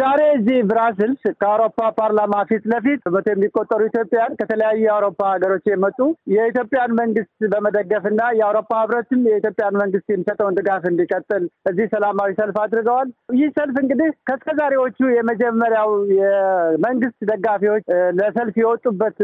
ዛሬ እዚህ ብራስልስ ከአውሮፓ ፓርላማ ፊት ለፊት በመቶ የሚቆጠሩ ኢትዮጵያን ከተለያዩ የአውሮፓ ሀገሮች የመጡ የኢትዮጵያን መንግስት በመደገፍና የአውሮፓ ህብረትም የኢትዮጵያን መንግስት የሚሰጠውን ድጋፍ እንዲቀጥል እዚህ ሰላማዊ ሰልፍ አድርገዋል። ይህ ሰልፍ እንግዲህ ከእስከዛሬዎቹ የመጀመሪያው የመንግስት ደጋፊዎች ለሰልፍ የወጡበት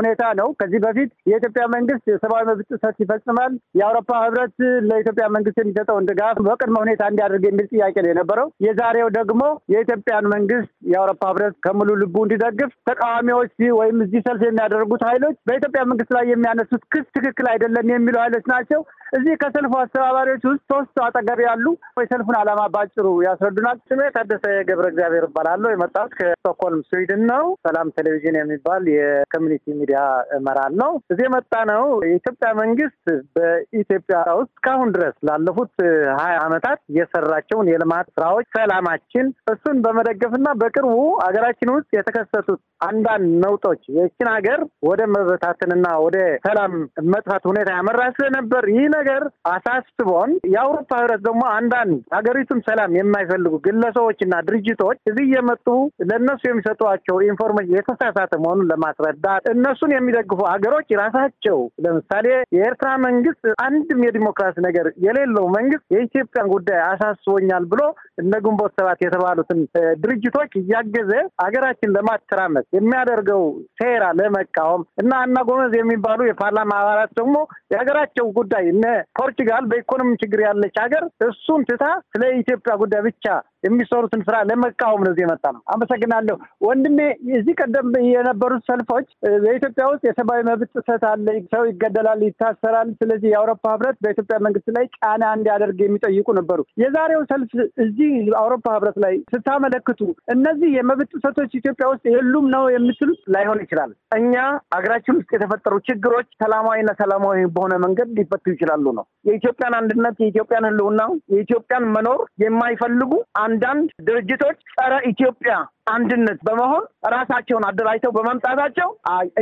ሁኔታ ነው። ከዚህ በፊት የኢትዮጵያ መንግስት የሰብአዊ መብት ጥሰት ይፈጽማል፣ የአውሮፓ ህብረት ለኢትዮጵያ መንግስት የሚሰጠውን ድጋፍ በቅድመ ሁኔታ እንዲያደርግ የሚል ጥያቄ ነው የነበረው። የዛሬው ደግሞ የኢትዮጵያ የኢትዮጵያን መንግስት የአውሮፓ ህብረት ከሙሉ ልቡ እንዲደግፍ ተቃዋሚዎች ወይም እዚህ ሰልፍ የሚያደርጉት ኃይሎች በኢትዮጵያ መንግስት ላይ የሚያነሱት ክስ ትክክል አይደለም የሚሉ ኃይሎች ናቸው። እዚህ ከሰልፉ አስተባባሪዎች ውስጥ ሶስቱ አጠገብ ያሉ የሰልፉን ዓላማ ባጭሩ ያስረዱናል። ስሜ ታደሰ ገብረ እግዚአብሔር እባላለሁ። የመጣሁት ከስቶክሆልም ስዊድን ነው። ሰላም ቴሌቪዥን የሚባል የኮሚኒቲ ሚዲያ እመራለሁ ነው። እዚህ የመጣ ነው የኢትዮጵያ መንግስት በኢትዮጵያ ውስጥ ከአሁን ድረስ ላለፉት ሀያ ዓመታት የሰራቸውን የልማት ስራዎች ሰላማችን እሱን በመ በመደገፍና በቅርቡ አገራችን ውስጥ የተከሰቱት አንዳንድ ነውጦች የችን ሀገር ወደ መበታተንና ወደ ሰላም መጥፋት ሁኔታ ያመራ ስለነበር ይህ ነገር አሳስቦን የአውሮፓ ህብረት ደግሞ አንዳንድ ሀገሪቱን ሰላም የማይፈልጉ ግለሰቦችና ድርጅቶች እዚህ እየመጡ ለእነሱ የሚሰጧቸው ኢንፎርሜሽን የተሳሳተ መሆኑን ለማስረዳት እነሱን የሚደግፉ ሀገሮች ራሳቸው ለምሳሌ የኤርትራ መንግስት አንድም የዲሞክራሲ ነገር የሌለው መንግስት የኢትዮጵያን ጉዳይ አሳስቦኛል ብሎ እነ ግንቦት ሰባት የተባሉትን ድርጅቶች እያገዘ ሀገራችን ለማተራመስ የሚያደርገው ሴራ ለመቃወም እና አና ጎመዝ የሚባሉ የፓርላማ አባላት ደግሞ የሀገራቸው ጉዳይ እነ ፖርቹጋል በኢኮኖሚ ችግር ያለች ሀገር እሱን ትታ ስለ ኢትዮጵያ ጉዳይ ብቻ የሚሰሩትን ስራ ለመቃወም ነው የመጣ ነው። አመሰግናለሁ ወንድሜ። እዚህ ቀደም የነበሩት ሰልፎች በኢትዮጵያ ውስጥ የሰብአዊ መብት ጥሰት አለ፣ ሰው ይገደላል፣ ይታሰራል። ስለዚህ የአውሮፓ ህብረት በኢትዮጵያ መንግስት ላይ ጫና እንዲያደርግ የሚጠይቁ ነበሩ። የዛሬው ሰልፍ እዚህ አውሮፓ ህብረት ላይ ስታመለክቱ እነዚህ የመብት ጥሰቶች ኢትዮጵያ ውስጥ የሉም ነው የምትሉት? ላይሆን ይችላል። እኛ አገራችን ውስጥ የተፈጠሩ ችግሮች ሰላማዊና ሰላማዊ በሆነ መንገድ ሊፈቱ ይችላሉ ነው የኢትዮጵያን አንድነት፣ የኢትዮጵያን ህልውና፣ የኢትዮጵያን መኖር የማይፈልጉ አንዳንድ ድርጅቶች ጸረ ኢትዮጵያ አንድነት በመሆን ራሳቸውን አደራጅተው በመምጣታቸው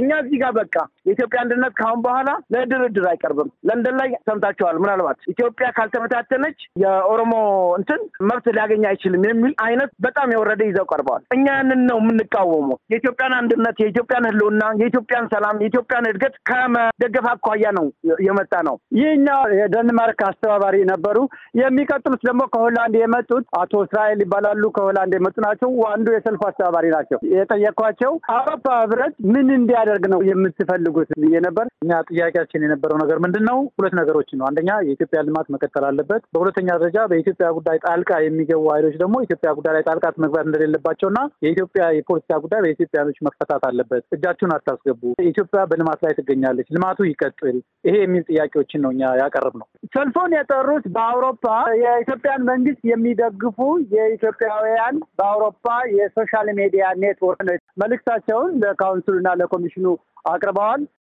እኛ እዚህ ጋር በቃ የኢትዮጵያ አንድነት ከአሁን በኋላ ለድርድር አይቀርብም። ለንደን ላይ ሰምታችኋል። ምናልባት ኢትዮጵያ ካልተመታተነች የኦሮሞ እንትን መብት ሊያገኝ አይችልም የሚል አይነት በጣም የወረደ ይዘው ቀርበዋል። እኛ ያንን ነው የምንቃወመው። የኢትዮጵያን አንድነት፣ የኢትዮጵያን ህልውና የኢትዮጵያን ሰላም፣ የኢትዮጵያን እድገት ከመደገፍ አኳያ ነው የመጣ ነው። ይህኛው የደንማርክ አስተባባሪ ነበሩ። የሚቀጥሉት ደግሞ ከሆላንድ የመጡት አቶ እስራኤል ይባላሉ። ከሆላንድ የመጡ ናቸው። አንዱ የሰልፍ ሰልፉ አስተባባሪ ናቸው። የጠየኳቸው አውሮፓ ህብረት ምን እንዲያደርግ ነው የምትፈልጉት ብዬ ነበር። እኛ ጥያቄያችን የነበረው ነገር ምንድን ነው? ሁለት ነገሮችን ነው። አንደኛ የኢትዮጵያ ልማት መቀጠል አለበት። በሁለተኛ ደረጃ በኢትዮጵያ ጉዳይ ጣልቃ የሚገቡ ኃይሎች ደግሞ ኢትዮጵያ ጉዳይ ላይ ጣልቃት መግባት እንደሌለባቸውና የኢትዮጵያ የፖለቲካ ጉዳይ በኢትዮጵያኖች መፈታት አለበት። እጃችሁን አታስገቡ። ኢትዮጵያ በልማት ላይ ትገኛለች። ልማቱ ይቀጥል። ይሄ የሚል ጥያቄዎችን ነው እኛ ያቀረብ ነው። ሰልፎን የጠሩት በአውሮፓ የኢትዮጵያን መንግስት የሚደግፉ የኢትዮጵያውያን በአውሮፓ የሶሻል ሚዲያ ኔትወርክ ነው። መልእክታቸውን ለካውንስሉና ለኮሚሽኑ አቅርበዋል።